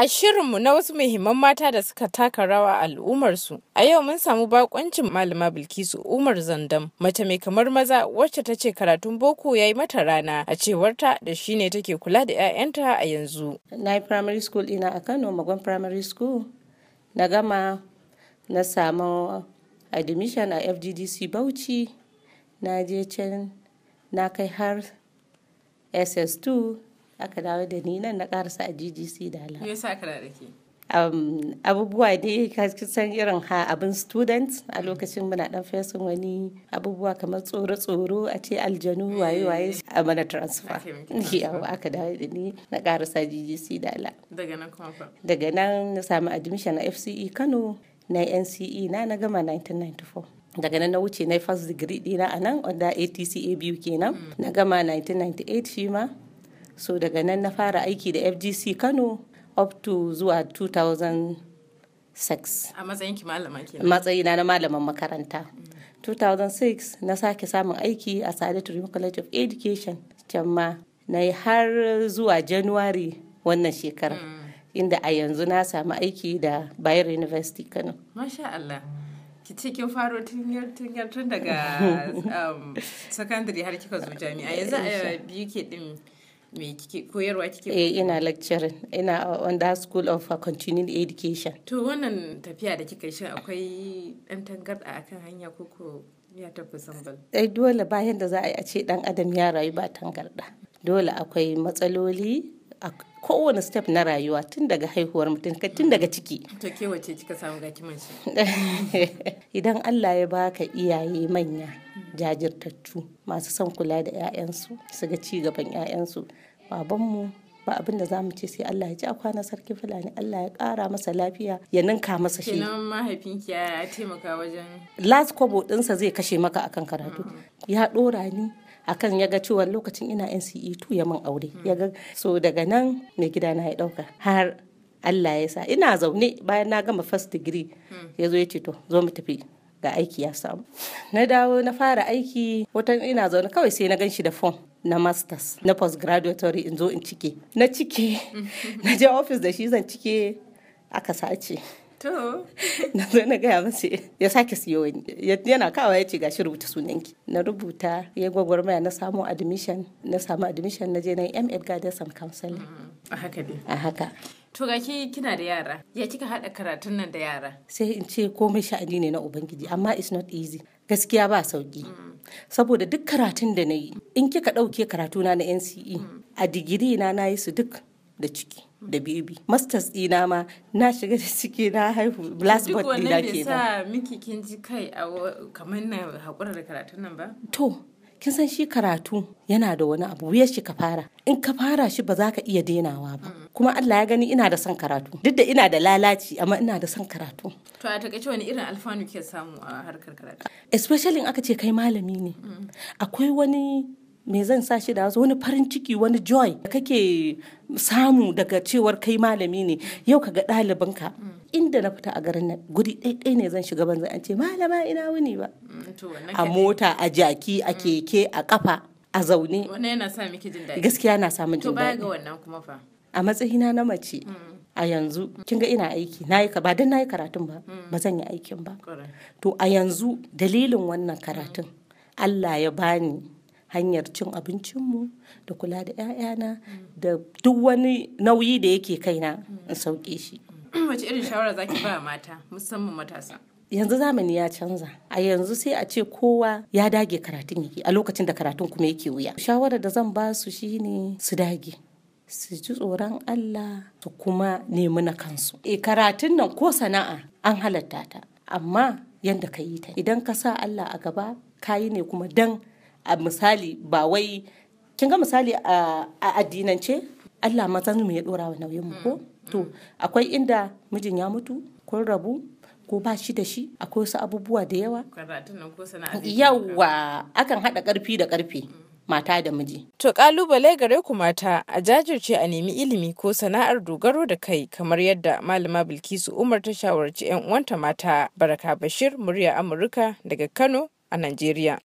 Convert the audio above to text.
A shirinmu na wasu muhimman mata da suka taka rawa a al'ummarsu, a yau mun samu bakoncin Malama Bilkisu Umar Zandam, mace mai kamar maza wacce ta ce karatun boko ya yi mata rana a cewarta da shi ne take kula da 'ya'yanta a yanzu. Na yi primary school ɗina a Kano, Magon primary school, na gama na samu admission a FGDC Bauchi, na je can na kai har SS2 aka dawo da ni nan na karasa a ggc da ala me yasa aka da ke um, abubuwa ne san irin ha abin student a lokacin muna dan fesin wani abubuwa kamar tsoro-tsoro a ce aljanu waye-waye eh. a mana transfer yawa aka dawo da ni na karasa ggc da ala daga nan kuma daga nan na samu admission a fce kano na nce na na gama 1994 daga nan na wuce na first degree dina a nan wanda atc biyu kenan mm. na gama 1998 shi ma so daga nan na fara aiki da fgc kano up to zuwa 2006 a matsayin ki malama ke matsayina na malaman makaranta 2006 na sake samun aiki a Sa'adatu Rim College of Education can ma na yi har zuwa January wannan shekara mm. inda a yanzu na samu aiki da Bayero University Kano. Masha Allah. ki ce kin faro tun daga um, secondary har kika zo jami'a yanzu a ke din me kike koyarwa kike eh ina lecturing ina on that school of continuing education to wannan tafiya da kika shi akwai dan tangarda akan hanya ko ya tafi sambal eh dole bayan da za a yi a ce dan adam ya rayu ba tangarda dole akwai matsaloli a kowane step na rayuwa tun daga haihuwar mutum tun daga ciki. To ke wace kika samu gakiman shi Idan Allah ya baka iyaye manya. jajirtattu masu son kula da 'ya'yansu su ga ci gaban 'ya'yansu. Babanmu ba abin da za mu ce sai Allah ya ji a kwana sarki Fulani Allah ya kara masa lafiya ya ninka masa shi. Kenan mahaifinki ya taimaka wajen. Last kobo ɗinsa zai kashe maka akan karatu. Mm-hmm. Ya ɗora ni akan ya ga cewa lokacin ina NCE2 ya min aure. Ya ga so daga nan gida na ya ɗauka har Allah ya sa ina zaune bayan na gama first degree mm. ya zo ya ce to zo mu tafi ga aiki ya samu na dawo na fara aiki wata ina zaune kawai sai na gan shi da fom na masters na postgraduatory in zo in cike na cike na je office da shi zan cike aka sace To. Na zo na gaya masa ya sake siyo wani. Yana kawa ya ce gashi rubuta sunanki. Na rubuta ya gwagwarmaya na samu admission na samu admission na je na ML Guidance and Counseling. Mm, a haka ne. A haka. To ga ki kina da yara. Ya kika haɗa karatun nan da yara? Sai in ce komai sha'ani ne na Ubangiji amma it's not easy. Gaskiya ba sauki. Saboda duk karatun da na yi, in kika ɗauke karatu na na NCE, a digiri na na yi su duk da ciki da bibi masters dina ma na shiga da ciki na haihu blackboard dina kenan duk wannan sa miki kin kai a kamar na haƙura da karatun nan ba to kin san shi karatu yana da wani abu wuyar shi ka fara in ka fara shi ba za ka iya denawa ba kuma Allah ya gani ina da son karatu duk da ina da lalaci amma ina da son karatu to a takaice wani irin alfanu ke samu a harkar karatu especially in aka ce kai malami ne mm. akwai wani me zan sa shi da wasu wani farin ciki wani joy da kake samu daga cewar kai malami ne yau ka ga ɗalibanka mm. inda na fita a garin nan guri ɗaiɗai ne zan shiga banza an ce malama ina wuni ba mm, a mota a jaki a keke a kafa a zaune wannan yana sa miki jin daɗi gaskiya na samun jin daɗi to baya ga wannan kuma fa a matsayina na mace a yanzu kinga ina aiki na yi ba don na yi karatun ba ba zan yi aikin ba to a yanzu dalilin wannan karatun allah ya bani hanyar cin abincinmu da kula da 'ya'yana da duk wani nauyi da yake kaina in sauke shi wace irin shawara zaki ba mata musamman matasa yanzu zamani ya canza a yanzu sai a ce kowa ya dage karatun yake a lokacin da karatun kuma yake wuya shawarar da zan ba su shine su dage su ji tsoron Allah su kuma nemi na kansu. E karatun nan ko sana'a an halatta ta amma yadda ka yi ta idan ka sa Allah a gaba ka yi ne kuma dan a misali ba wai kin ga misali a addinance Allah mazan mu ya ɗora wa nauyin mu ko mm, to mm. akwai inda mijin ya mutu kun rabu ko ba shi da shi akwai wasu abubuwa da yawa Karatun nan ko sana'a yawa akan haɗa ƙarfi da ƙarfe mm. mata da miji. To kalubale gare ku mata a jajirce a nemi ilimi ko sana'ar dogaro da kai kamar yadda malama Bilkisu Umar ta shawarci 'yan uwanta mata Baraka Bashir murya Amurka daga Kano a Najeriya.